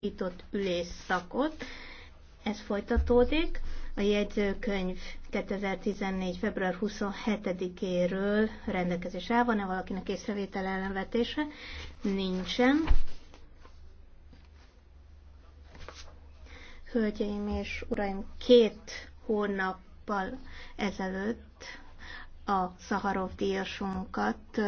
nyitott ülésszakot. Ez folytatódik. A jegyzőkönyv 2014. február 27-éről rendelkezés áll. Van-e valakinek észrevétel ellenvetése? Nincsen. Hölgyeim és uraim, két hónappal ezelőtt a Szaharov díjasunkat